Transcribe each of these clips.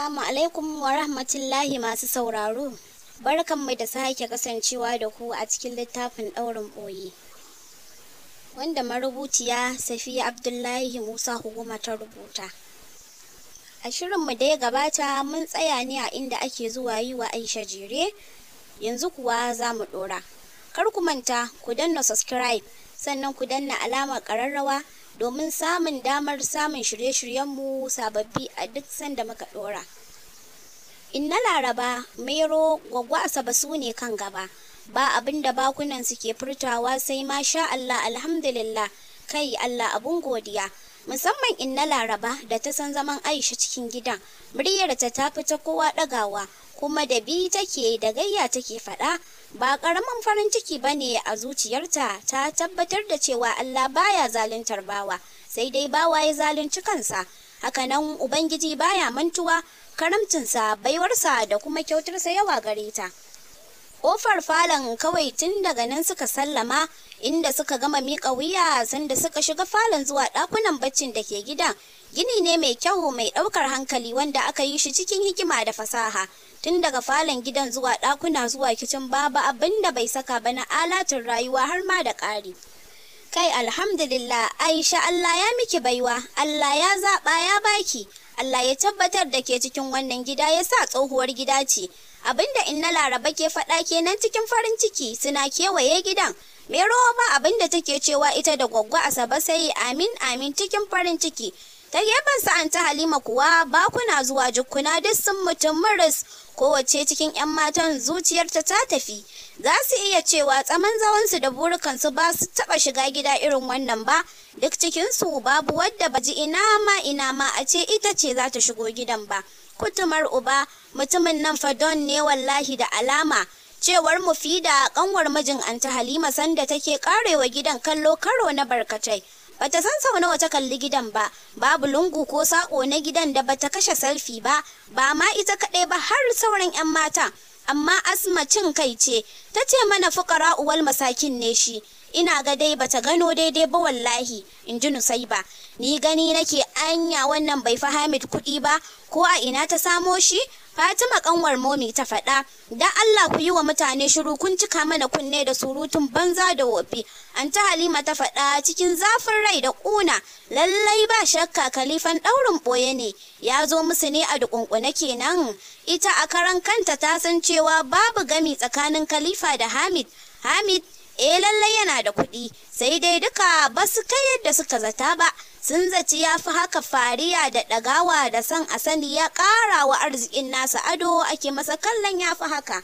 Assalamu alaikum wa rahmatullahi masu sauraro. barkan Barkanmu da sake kasancewa da ku a cikin littafin ɗaurin ɓoye. Wanda marubuciya Safiya Abdullahi Musa Huguma ta rubuta. A shirinmu da ya gabata mun tsaya ne a inda ake zuwa yi wa Aisha jere, yanzu kuwa za mu ɗora. Kar ku manta ku danna subscribe sannan ku danna alamar ƙararrawa domin samun damar samun shirye-shiryenmu sababbi a duk sanda muka dora. Inna Laraba, Mero, Gwaggwa Asaba su ne kan gaba. Ba abin da bakunan suke furtawa sai ma sha Allah alhamdulillah kai Allah abun godiya. musamman in na laraba da ta san zaman aisha cikin gidan muryarta ta fi ta kowa ɗagawa kuma da bi take da gayya take faɗa ba ƙaramin farin ciki ba ne a zuciyarta ta tabbatar da cewa allah baya zaluntar bawa sai dai bawa ya zalunci kansa Haka nan, ubangiji baya mantuwa karamcinsa baiwarsa da kuma kyautarsa yawa gare ta Ƙofar falon kawai tun daga nan suka sallama inda suka gama miƙa wuya sanda suka shiga falon zuwa ɗakunan baccin da ke gidan. Gini ne mai kyau mai ɗaukar hankali wanda aka yi shi cikin hikima da fasaha. Tun daga falon gidan zuwa ɗakuna zuwa kicin babu abin da bai saka ba na alatin rayuwa har ma da ƙari. Kai alhamdulillah Aisha Allah ya miki baiwa, Allah ya zaɓa ya baki, Allah ya tabbatar da ke cikin wannan gida ya sa tsohuwar gida ce. abinda inna laraba ke faɗa kenan cikin farin ciki suna kewaye gidan mai rawa ma abinda take cewa ita da gwaggo asabe sai amin amin cikin farin ciki ta gefen sa'anta halima kuwa bakuna zuwa jukuna duk sun mutum maris kowace cikin 'yan matan zuciyarta ta tafi za su iya cewa tsaman zawansu da burukansu ba su taba shiga gida irin wannan ba duk cikinsu babu wadda baji ina ma ina ma a ce ita ce za ta shigo gidan ba kutumar uba mutumin nan fadon ne wallahi da alama cewar mu mufida kanwar mijin anta halima sanda take karewa gidan kallo karo na barkatai bata san sau nawa ta kalli gidan ba babu lungu ko sako na gidan da bata kashe selfie ba ba ma ita kaɗai ba har sauran 'yan mata amma asma cin kai ce ta ce mana fukara uwal masakin ne shi ina ga dai bata gano daidai ba wallahi in ji nusaiba ni gani nake anya wannan bai fa Hamid kuɗi ba ko a ina ta samo shi Fatima kanwar momi ta faɗa dan Allah ku yi wa mutane shiru kun cika mana kunne da surutun banza da wofi anta Halima ta faɗa cikin zafin rai da ƙuna lallai ba shakka kalifan ɗaurin ɓoye ne ya zo musu ne a dukunkune kenan ita a karan kanta ta san cewa babu gami tsakanin kalifa da Hamid Hamid eh lallai yana da kuɗi sai dai duka ba su kai yadda suka zata ba sun zaci ya fi haka fariya da ɗagawa da san a sani ya ƙara wa arzikin nasa ado ake masa kallon ya fi haka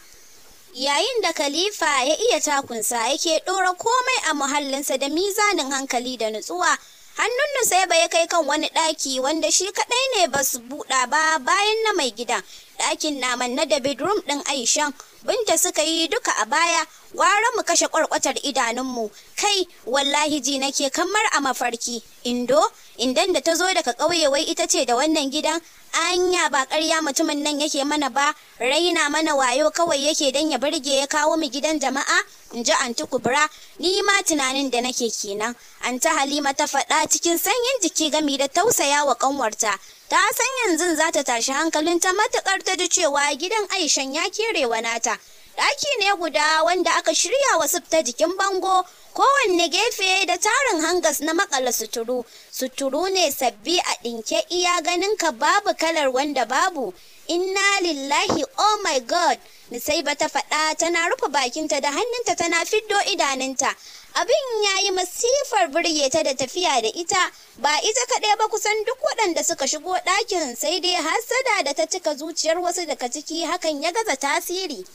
yayin da khalifa ya iya takunsa yake ɗora komai a muhallinsa da mizanin hankali da nutsuwa hannun nusa ya kai kan wani ɗaki wanda shi kaɗai ne ba su buɗa ba bayan na mai gida. ɗakin naman na da bedroom ɗin Aishan. Binta suka yi duka a baya, gwara mu kashe kwarkwatar idanunmu. Kai, wallahi ji nake kamar a mafarki. Indo, indan da ta zo daga ƙauye wai ita ce da wannan gidan, anya ba ƙarya mutumin nan yake mana ba, raina mana wayo kawai yake dan ya burge ya kawo mu gidan jama'a, in ji Anti Kubra, ni ma tunanin da nake kenan. Anta Halima ta faɗa cikin sanyin jiki gami da tausaya wa ƙanwarta. ta san yanzu za ta tashi hankalin ta matukar ta ji cewa gidan aishan ya kerewa nata ɗaki ne guda wanda aka shirya wasu ta jikin bango kowanne gefe da tarin hangas na makala suturu suturu ne sabbi a ɗinke iya ganin ka babu kalar wanda babu Inna lillahi oh my god Nusaiba ta faɗa tana rufe bakinta da hannunta tana fiddo idanunta. Abin ya yi masifar burge ta da tafiya da ita, ba ita kaɗai ba kusan duk waɗanda suka shigo ɗakin sai dai hasada da ta cika zuciyar wasu daga ciki hakan ya gaza tasiri.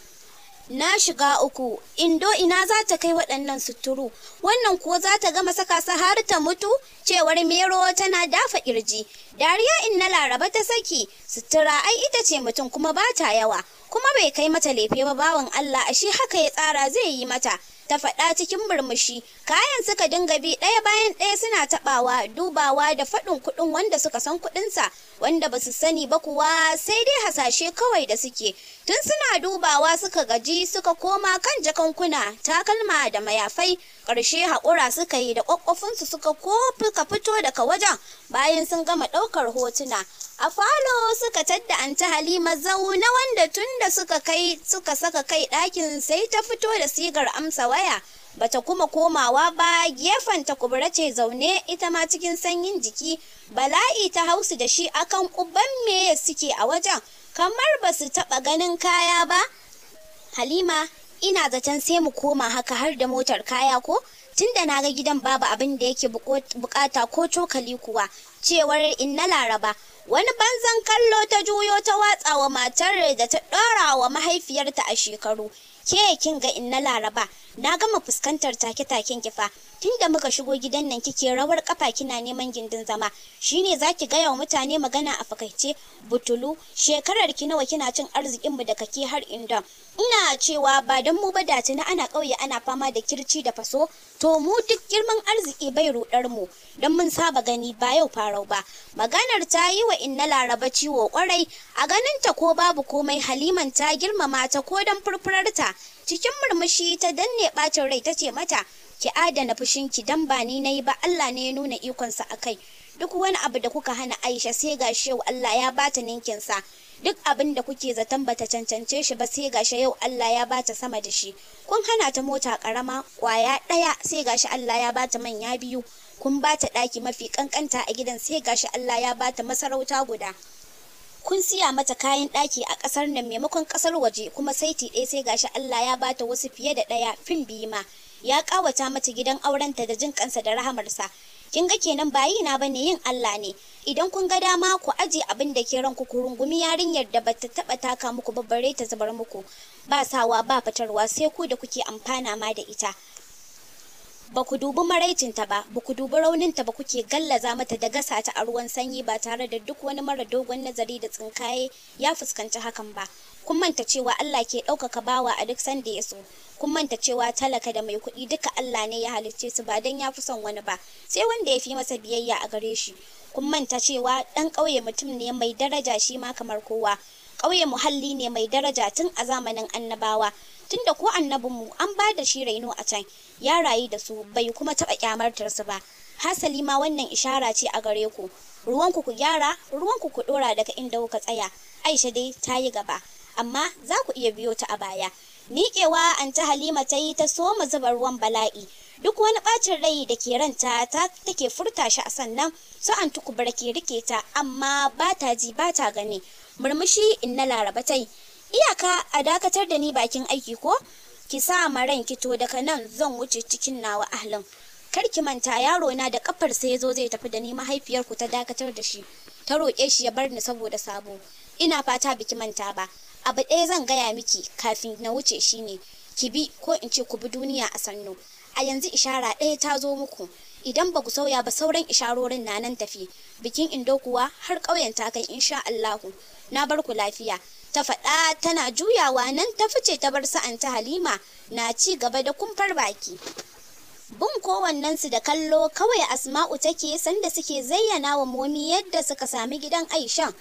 Na shiga uku, indo ina za ta kai waɗannan suturu, wannan kuwa za ta gama saka su har ta mutu, cewar Mero tana dafa ƙirji. Dariya in na laraba ta saki, sutura ai ita ce mutum kuma ba ta yawa, kuma bai kai mata lefe ba bawan Allah ashe haka ya tsara zai yi mata. Ta faɗa cikin murmushi, Kayan suka dinga bi ɗaya bayan ɗaya suna taɓawa, dubawa da faɗin kuɗin wanda suka san kuɗinsa, wanda ba su sani ba kuwa sai dai hasashe kawai da suke. Tun suna dubawa suka gaji suka koma kan jakankuna, takalma da mayafai, ƙarshe haƙura suka yi da ƙwaƙwafinsu suka kofi ka fito daga wajen bayan sun gama ɗaukar hotuna. a falo suka tadda an ta halima zauna wanda tunda da suka kai suka saka kai ɗakin sai ta fito da sigar amsa waya bata kuma komawa ba gefen ta kubura ce zaune ita ma cikin sanyin jiki bala'i ta hausu da shi akan kuban me suke a wajen kamar ba su taɓa ganin kaya ba halima ina zaton sai mu koma haka har da motar kaya ko tunda na ga gidan babu abin da yake bukata ko cokali kuwa cewar in na laraba wani banzan kallo ta juyo ta watsa wa matar da ta ɗora wa mahaifiyarta a shekaru ke kin ga in na laraba na gama fuskantar take-taken kifa. tun da muka shigo gidan nan kike rawar kafa kina neman gindin zama shine zaki gaya wa mutane magana a fakaice butulu shekarar ki nawa kina cin arzikin mu da kake har inda ina cewa ba dan mu ba da tuni ana kauye ana fama da kirci da faso to mu duk girman arziki bai rudar mu Don mun saba gani ba yau farau ba maganar ta yi wa inna laraba ciwo kwarai a ganin ta ko babu komai haliman ta girmama ta ko dan furfurarta cikin murmushi ta danne ne bacin rai ta ce mata ki adana fushinki dan ba ni nayi ba Allah ne ya nuna ikonsa a kai duk wani abu da kuka hana Aisha sai gashi yau Allah ya bata ninkin sa duk abin da kuke zaton bata cancance shi ba sai gashi yau Allah ya bata sama da shi kun hana ta mota karama kwaya daya sai gashi Allah ya bata manya biyu kun bata daki mafi kankanta a gidan sai gashi Allah ya bata masarauta guda kun siya mata kayan ɗaki a ƙasar nan maimakon ƙasar waje kuma saiti ɗaya sai gashi Allah ya bata wasu fiye da ɗaya fim biyu ma ya ƙawata mata gidan aurenta da jin kansa da rahamarsa kin ga kenan bayi na bane yin Allah ne idan kun ga dama ku aje abin da ke ranku ku rungumi yarinyar da bata taba taka muku babbare ta zubar muku ba sawa ba fitarwa sai ku da kuke amfana ma da ita ba ku dubi maraicinta ba ba ku dubi rauninta ba kuke gallaza mata da gasa ta a ruwan sanyi ba tare da duk wani mara dogon nazari da tsinkaye ya fuskanci hakan ba kun manta cewa Allah ke ɗaukaka bawa a duk sanda ya so kun manta cewa talaka da mai kuɗi duka Allah ne ya halicce su ba don ya fi son wani ba sai wanda ya fi masa biyayya a gare shi kun manta cewa ɗan ƙauye mutum ne mai daraja shi ma kamar kowa ƙauye muhalli ne mai daraja tun a zamanin annabawa tunda ko annabin mu an ba da shi raino a can ya rayu da su bai kuma taɓa ƙyamartar su ba hasali ma wannan ishara ce a gare ku ruwanku ku gyara ruwanku ku ɗora daga inda kuka tsaya aisha dai ta yi gaba amma za ku iya biyo ta a baya miƙewa an ta halima ta yi ta soma zuba ruwan bala'i duk wani ɓacin rai da ke ranta ta take furta shi a sannan su an tuku ke rike ta amma ba ta ji ba ta gani murmushi in na laraba tai iyaka a dakatar da ni bakin aiki ko ki sa ma ranki to daga nan zan wuce cikin nawa ahlin kar ki manta yaro na da kafar sai zo zai tafi da ni mahaifiyar ku ta dakatar da shi ta roƙe shi ya bar ni saboda sabo ina fata biki manta ba abu ɗaya zan gaya miki kafin na wuce shi ne. ki bi ko in ce ku bi duniya a sannu a yanzu ishara ɗaya ta zo muku idan ba ku sauya ba sauran isharorin na nan tafi bikin indo kuwa har ƙauyen ta kai insha Allahu na bar ku lafiya ta faɗa tana juyawa nan ta fice ta bar sa'anta halima na ci gaba da kumfar baki bin kowannensu da kallo kawai asma'u take sanda suke zayyana wa momi yadda suka sami gidan aishan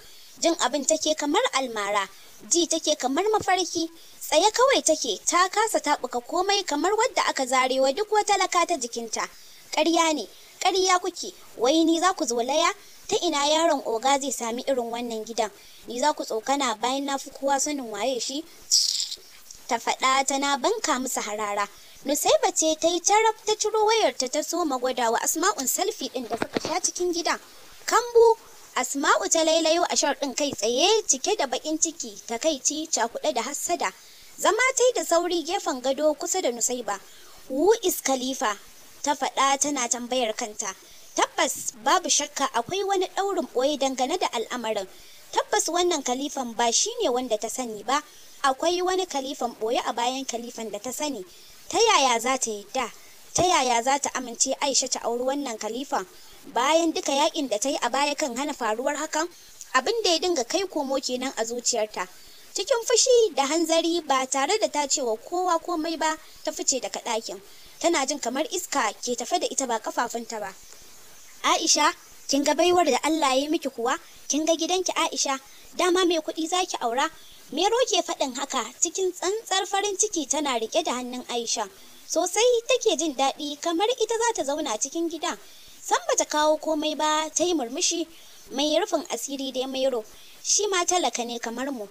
jin abin take kamar almara ji take kamar mafarki tsaye kawai take ta kasa taɓuka komai kamar wadda aka zarewa duk wata laka ta jikinta ƙarya ne ƙarya kuke wai ni za ku zolaya ta ina yaron oga zai sami irin wannan gidan ni za ku tsokana bayan na fi kowa sanin waye shi ta faɗa tana banka musu harara nusaiba ce ta yi taraf ta ciro wayarta ta so magwada wa asma'un salfi ɗin da suka sha cikin gidan kambu asma'u ta lailayo a shar ɗin kai tsaye cike da bakin ciki takaici cakuɗe da hassada zama ta yi da sauri gefen gado kusa da nusaiba wu is khalifa ta faɗa tana tambayar kanta tabbas babu shakka akwai wani ɗaurin ɓoye dangane da al'amarin tabbas wannan kalifan ba shi ne wanda ta sani ba akwai wani kalifan ɓoye a bayan kalifan da ta sani ta yaya za ta yadda ta yaya za ta amince aisha ta auri wannan kalifan bayan duka yakin da ta yi a baya kan hana faruwar hakan abin da ya dinga kai komo kenan a zuciyarta cikin fushi da hanzari ba tare da ta cewa kowa komai ba ta fice daga ɗakin tana jin kamar iska ke tafe da ita ba kafafunta ba Aisha, kin ga baiwar da Allah ya miki kuwa, kin ga gidanki Aisha, dama mai kuɗi zaki aura. Mero ke faɗin haka cikin tsantsar farin ciki tana riƙe da hannun Aisha. Sosai take jin daɗi kamar ita za ta zauna cikin gida. San bata kawo komai ba ta yi murmushi mai rufin asiri dai Mairo. Shi ma talaka ne kamar mu.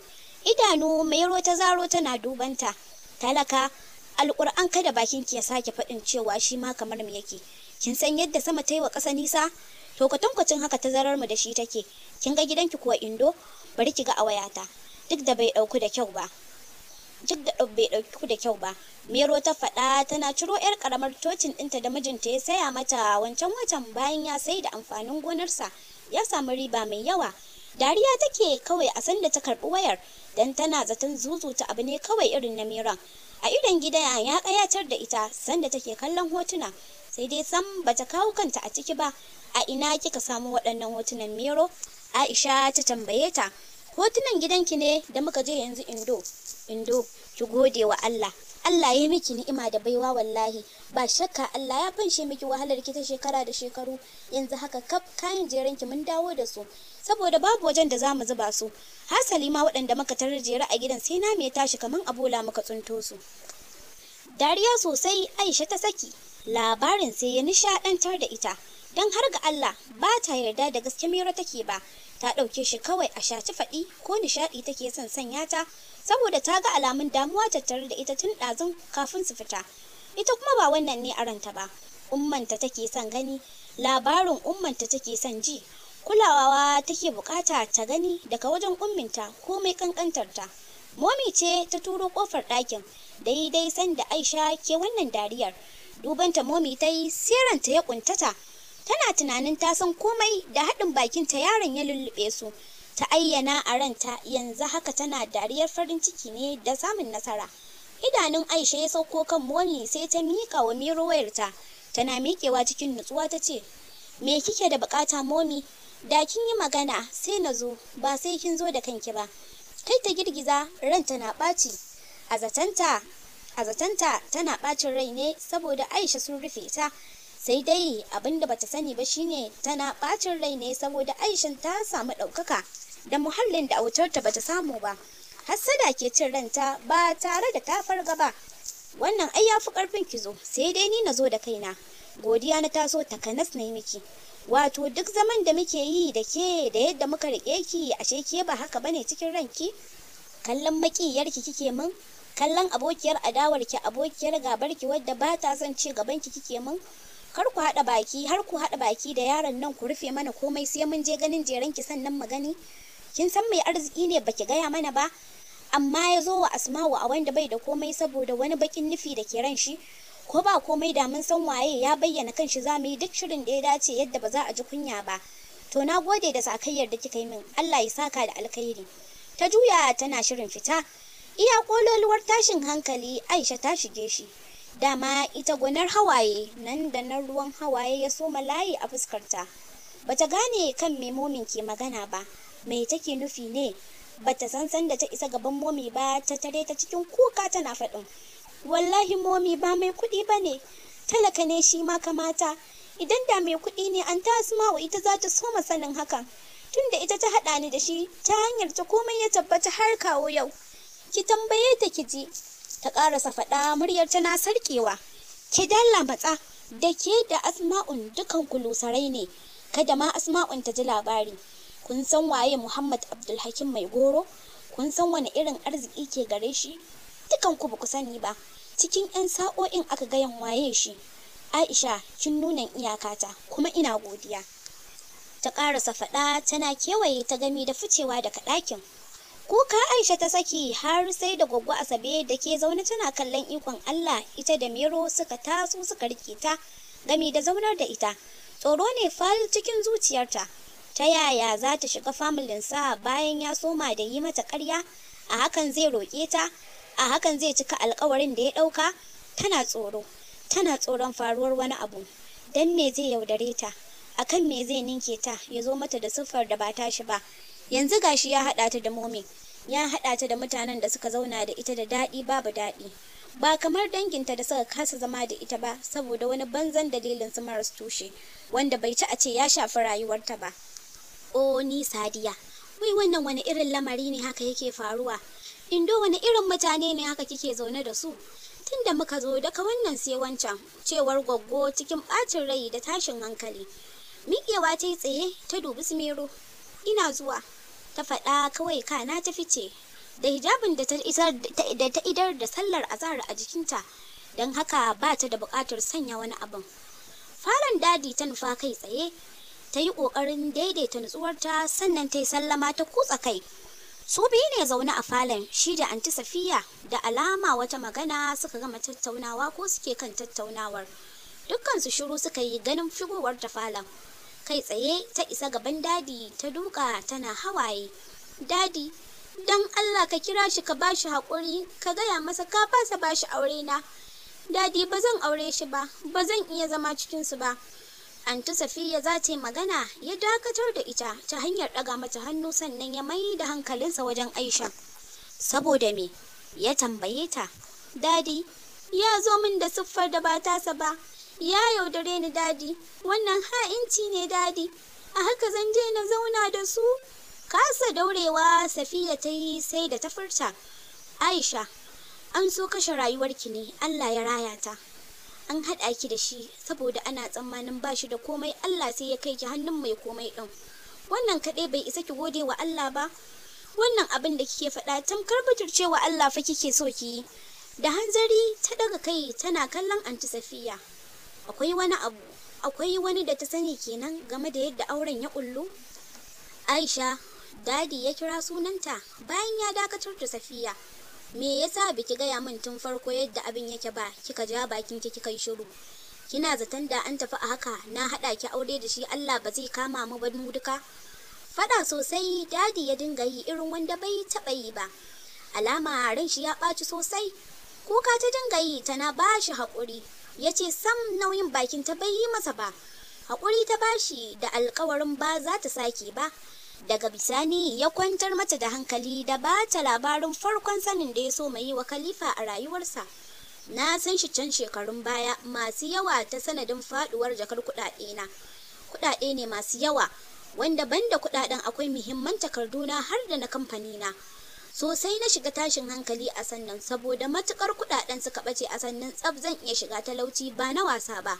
Idanu Mairo ta zaro tana dubanta. Talaka, alƙur'an kada bakin ki ya sake faɗin cewa shi ma kamar mu yake. kin san yadda sama ta yi wa ƙasa nisa to kwatankwacin haka tazarar mu da shi take kin ga gidanki kuwa indo bari ki ga a wayata duk da bai ɗauku da kyau ba duk da bai ɗauki da kyau ba mero ta faɗa tana ciro 'yar karamar tocin ɗinta da mijinta ya saya mata wancan watan bayan ya sai da amfanin gonarsa ya samu riba mai yawa dariya take kawai a sanda ta karɓi wayar dan tana zaton zuzuta abu ne kawai irin na meron a idon gida ya ƙayatar da ita sanda take kallon hotuna sai dai sam bata kawo kanta a ciki ba a ina kika samu waɗannan hotunan mero aisha ta tambaye ta hotunan gidanki ne da muka je yanzu indo indo ki gode wa allah Allah ya miki ni'ima da baiwa wallahi ba shakka Allah ya fanshe miki wahalar ki ta shekara da shekaru yanzu haka kaf kayan jeren ki mun dawo da su saboda babu wajen da zamu zuba su hasali ma waɗanda muka tarar jere a gidan sai na me tashi kaman abola muka tsunto su Dariya sosai Aisha ta saki, labarin sai ya nishaɗantar da ita, don har ga Allah ba ta yarda da gaske mera take ba, ta ɗauke shi kawai a shaci faɗi ko nishaɗi take son sanya ta, saboda ta ga alamun damuwa tattare da ita tun ɗazun kafin su fita. Ita kuma ba wannan ne aranta ba, ummanta take son gani, labarin ummanta take son ji, kulawawa take bukata ta gani daga wajen umminta komai kankantarta. Momi ce ta turo kofar ɗakin, daidai sanda Aisha ke wannan dariyar. Dubanta momi ta yi ta ya kuntata. Tana tunanin ta san komai da haɗin ta yaron ya lullube su. Ta ayyana a ranta yanzu haka tana dariyar farin ciki ne da samun nasara. Idanun Aisha ya sauko kan momi sai ta miƙa wa Miro wayarta. Tana miƙewa cikin nutsuwa ta ce, Me kike da bukata momi? Da kin yi magana sai na zo, ba sai kin zo da kanki ba. Kai ta girgiza ranta na ɓaci. a zatanta tana bacin rai ne saboda Aisha sun rufe ta sai dai abinda bata sani ba shine tana bacin rai ne saboda Aishan ta samu ɗaukaka da muhallin da autarta bata samu ba hassada ke cin ranta ba tare da ta farga ba wannan ai ya fi karfin ki zo sai dai ni na zo da kaina godiya na taso takanas na miki wato duk zaman da muke yi da ke da yadda muka riƙe ki ashe ke ba haka bane cikin ranki kallon makiyarki kike min kallon abokiyar adawarki abokiyar gabarki wadda ba ta son ci gabanki kike min kar ku haɗa baki har ku haɗa baki da yaron nan ku rufe mana komai sai mun je ganin ki sannan mu gani kin san mai arziki ne baki gaya mana ba amma ya zo wa asma'u a wanda bai da komai saboda wani bakin nufi da ke ran shi ko ba komai da mun san waye ya bayyana kanshi za mu yi duk shirin da ya dace yadda ba za a ji kunya ba to na gode da sakayyar da kika yi min Allah ya saka da alkhairi ta juya tana shirin fita Iya kololuwar tashin hankali Aisha ta shige shi. Dama ita gwanar hawaye nan da nan ruwan hawaye ya soma layi a fuskarta. Bata gane kan me momin ke magana ba, me take nufi ne? Bata san san da ta isa gaban momi ba ta tare ta cikin kuka tana faɗin. Wallahi momi ba mai kuɗi ba ne, talaka ne shi ma kamata. Idan da mai kuɗi ne an ta wa ita za ta soma sanin hakan. Tunda ita ta haɗa ni da shi ta hanyar ta komai ya tabbata har kawo yau. ki tambaye ta ki ji ta ƙarasa faɗa muryar tana sarkewa ki dalla matsa da ke da asma'un dukan kulusarai ne kada ma asma'un ta ji labari kun san waye muhammad abdulhakim mai goro kun san wani irin arziki ke gare shi dukan ku ku sani ba cikin 'yan sa'o'in aka gayan waye shi aisha kin nuna ta kuma ina godiya ta ƙarasa faɗa tana kewaye ta gami da ficewa daga ɗakin Kuka Aisha ta saki har sai da Goggo Asabe da ke zaune tana kallon ikon Allah ita da Miro suka taso suka rike ta gami da zaunar da ita. Tsoro ne fal cikin zuciyarta. Ta yaya za ta shiga sa bayan ya soma da yi mata ƙarya, a hakan zai roƙe ta, a hakan zai cika alƙawarin da ya ɗauka, tana tsoro, tana tsoron faruwar wani abu. Dan me zai yaudare ta, akan me zai ninke ta ya zo mata da siffar da ba shi ba. Yanzu gashi ya haɗa ta da momi. ya haɗa ta da mutanen da suka zauna da ita da daɗi babu daɗi ba kamar danginta da suka kasa zama da ita ba saboda wani banzan dalilin su maras tushe wanda bai ci a ce ya shafi rayuwarta ba o ni sadiya wai wannan wani irin lamari ne haka yake faruwa indo wani irin mutane ne haka kike zaune da su Tunda muka zo daga wannan sai wancan cewar goggo, cikin ɓacin rai da tashin hankali miƙewa ta yi tsaye ta dubi su ina zuwa ta faɗa kawai kana ta fice da hijabin da ta idar da sallar azahar a jikinta don haka ba ta da buƙatar sanya wani abin falon dadi ta nufa kai tsaye ta yi ƙoƙarin daidaita nutsuwarta sannan ta yi sallama ta kutsa kai su biyu ne zaune a falon shi da anti safiya da alama wata magana suka gama tattaunawa ko suke kan tattaunawar dukkansu shiru suka yi ganin figowar ta falon kai tsaye ta isa gaban dadi ta duka tana hawaye dadi don allah ka kira shi ka bashi haƙuri ka gaya masa ka fasa bashi aure na dadi ba zan aure shi ba ba zan iya zama cikinsu ba anti safiya za ta yi magana ya dakatar da ita ta hanyar ɗaga mata hannu sannan ya mai da hankalinsa wajen aisha saboda me ya tambaye ta dadi ya zo min da siffar da ba tasa ba ya yaudare ni dadi wannan ha'inci ne dadi a haka zan je na zauna da su kasa daurewa safiya ta yi sai da ta furta aisha an so kashe rayuwarki ne allah ya raya ta an haɗa ki da shi saboda ana tsammanin ba shi da komai allah sai ya kai ki hannun mai komai ɗin wannan kaɗai bai isa ki gode wa allah ba wannan abin da kike faɗa tamkar bitircewa allah fa kike so ki yi da hanzari ta ɗaga kai tana kallon anti safiya akwai wani abu akwai wani da ta sani kenan game da yadda auren ya kullu aisha dadi ya kira sunanta bayan ya dakatar da safiya me yasa biki gaya min tun farko yadda abin yake ba kika ja bakin ki kika yi shiru kina zaton da an tafi a haka na hada ki aure da shi Allah ba zai kama mu ba duka fada sosai dadi ya dinga yi irin wanda bai taba yi ba alama ran shi ya ɓaci sosai kuka ta dinga yi tana ba shi haƙuri ya ce sam nauyin bakin ta bai yi masa ba haƙuri ta bashi da alkawarin ba za ta sake ba daga bisani ya kwantar mata da hankali da ba ta labarin farkon sanin da ya so mai yi wa khalifa a rayuwarsa na san shi can shekarun baya masu yawa ta sanadin faduwar jakar kuɗaɗe na kuɗaɗe ne masu yawa wanda banda kuɗaɗen akwai muhimman takarduna har da na kamfani na sosai na shiga tashin hankali a sannan saboda matukar kuɗaɗen suka bace a sannan tsab zan iya shiga talauci ba na wasa ba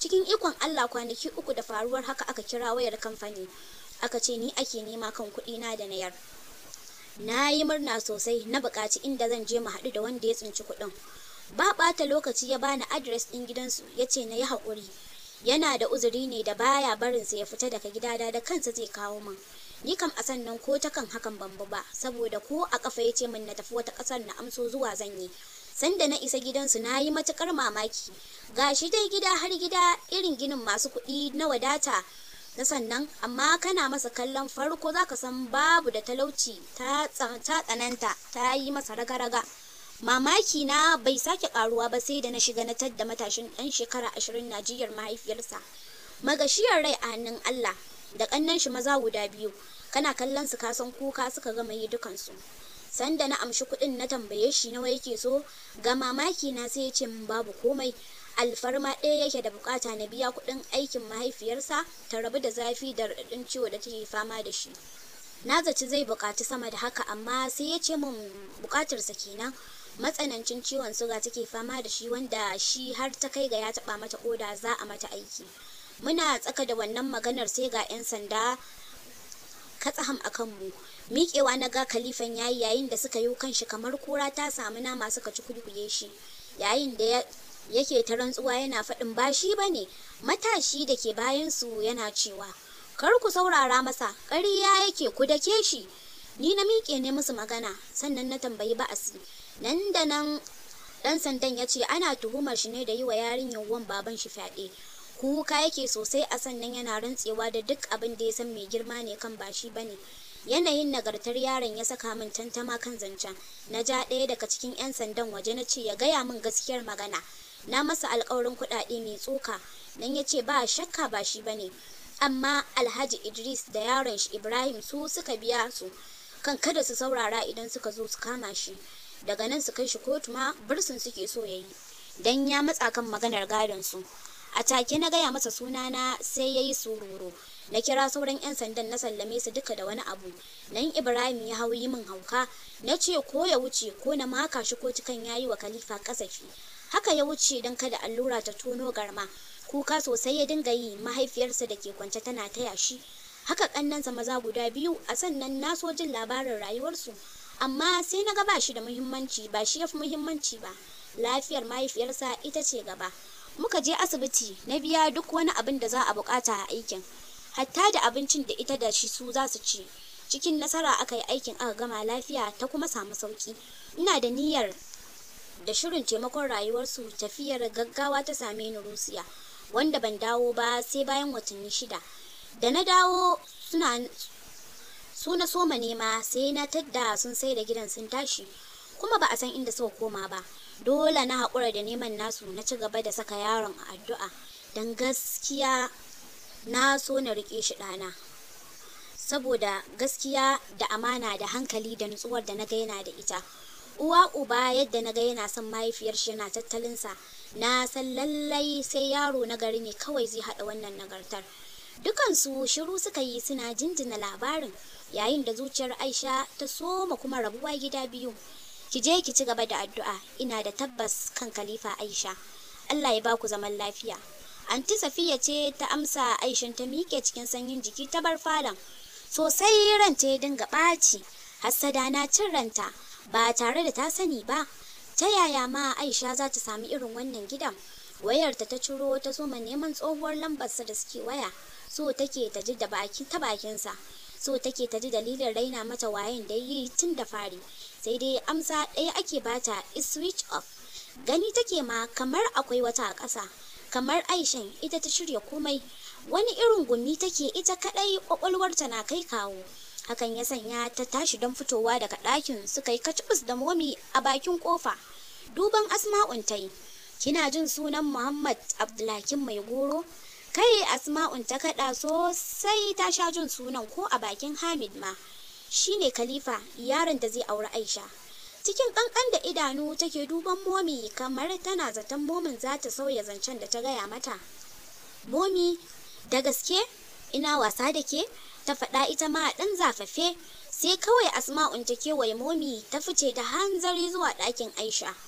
cikin ikon Allah kwanaki uku da faruwar haka aka kira wayar kamfani aka ce ni ake nema kan kuɗi na da nayar na yi murna sosai na buƙaci inda zan je mu haɗu da wanda ya tsinci kuɗin ba ɓata lokaci ya bani adres ɗin gidansu ya ce na yi haƙuri yana da uzuri ne da baya barinsa ya fita daga gidada da kansa zai kawo min Ni kam a sannan ko ta kan hakan ban ba saboda ko a kafa ya ce min na tafi wata ƙasar na amso zuwa zan yi. Sanda na isa gidansu na yi matuƙar mamaki. Gashi dai gida har gida irin ginin masu kuɗi na wadata na sannan amma kana masa kallon farko za ka san babu da talauci ta tsananta ta yi masa raga-raga. mamaki na bai sake karuwa ba sai da na shiga na tadda matashin ɗan shekara ashirin na jiyar mahaifiyarsa magashiyar rai a hannun Allah da kannan shi maza guda biyu kana kallon su kasan kuka suka gama yi dukansu sanda na amshi kuɗin na tambaye shi nawa yake so ga mamaki na sai ya ce min babu komai alfarma ɗaya yake da bukata na biya kuɗin aikin mahaifiyarsa ta rabu da zafi da raɗin ciwo da take fama da shi na zaci zai bukaci sama da haka amma sai ya ce min bukatarsa kenan matsanancin ciwon suga take fama da shi wanda shi har ta kai ga ya taɓa mata koda za a mata aiki muna tsaka da wannan maganar sai ga 'yan sanda katsaham a kanmu miƙewa na ga kalifan yayi yayin da suka yi kanshi kamar kura ta samu nama suka ci kuduye shi yayin da yake ta rantsuwa yana faɗin ba shi ba ne matashi da ke bayansu yana cewa kar ku saurara masa ƙarya yake ku dake shi ni na miƙe ne musu magana sannan na tambayi ba'asi nan da nan ɗan sandan ya ce ana tuhumar shi ne da yi wa yarinyar wan baban shi fyaɗe kuka yake sosai a sannan yana rantsewa da duk abin da ya san mai girma ne kan ba shi bane yanayin nagartar yaron ya saka min tantama kan zancen na ja ɗaya daga cikin 'yan sandan waje na ce ya gaya min gaskiyar magana na masa alkawarin kuɗaɗe mai tsoka nan ya ce ba shakka ba shi bane amma alhaji idris da yaron shi ibrahim su suka biya su kan kada su saurara idan suka zo su kama shi daga nan su kai shi kotu ma bursun suke so ya yi dan ya matsa kan maganar gadon su a take na gaya masa sunana sai ya yi sururu na kira sauran 'yan sandan na sallame su duka da wani abu nan ibrahim ya hau yi min hauka na ce ko ya wuce ko na maka shi ko ya yi wa kalifa kasafi haka ya wuce don kada allura ta tono garma kuka sosai ya dinga yi mahaifiyarsa da ke kwance tana taya shi haka kannansa maza guda biyu a sannan na so jin labarin rayuwarsu amma sai na ga ba shi da muhimmanci ba shi ya fi muhimmanci ba lafiyar mahaifiyarsa ita ce gaba muka je asibiti na biya duk wani abin da za a bukata a aikin hatta da abincin da ita da shi su za su ci cikin nasara aka yi aikin aka gama lafiya ta kuma samu sauki ina da niyyar da shirin taimakon rayuwarsu tafiyar gaggawa ta same ni rusiya wanda ban dawo ba sai bayan watanni shida da na dawo suna su na soma nema sai na tadda sun sai da gidan sun tashi kuma ba a san inda suka koma ba dole na haƙura da neman nasu na ci gaba da saka yaron a addu'a don gaskiya na so na riƙe shi ɗana saboda gaskiya da amana da hankali da nutsuwar da na ga yana da ita uwa uba yadda na ga yana son mahaifiyar shi yana tattalinsa na san lallai sai yaro na gari ne kawai zai haɗa wannan nagartar dukansu shiru suka yi suna jinjina labarin yayin da zuciyar aisha ta soma kuma rabuwa gida biyu ki je ki ci gaba da addu'a ina da tabbas kan kalifa aisha allah ya baku zaman lafiya anti safiya ce ta amsa aishin ta miƙe cikin sanyin jiki ta bar falon sosai ranta ya dinga ɓaci hassada na cin ranta ba tare da ta sani ba ta yaya ma aisha za ta sami irin wannan gidan wayarta ta ciro ta soma neman tsohuwar lambarsa da suke waya so take ta ji da baki ta bakinsa so take ta ji dalilin raina mata wayan da yi tun da fari sai dai amsa ɗaya ake bata is switch off gani take ma kamar akwai wata a ƙasa kamar aishan ita ta shirya komai wani irin gumi take ita kaɗai ƙwaƙwalwarta na kai kawo hakan ya sanya ta tashi don fitowa daga ɗakin suka yi kacibus da momi a bakin ƙofa duban asma'un ta kina jin sunan muhammad abdulhakim mai goro kai asma'un ta kaɗa sosai ta sha jin sunan ko a bakin hamid ma shine Khalifa yaron da zai auri Aisha. Cikin kankan da idanu take duban Momi kamar tana zaton Momin za ta sauya zancen da ta gaya mata. Momi, da gaske? Ina wasa da ke? Ta faɗa ita ma a ɗan zafafe sai kawai asma'un ta kewaye momi ta fice da hanzari zuwa ɗakin aisha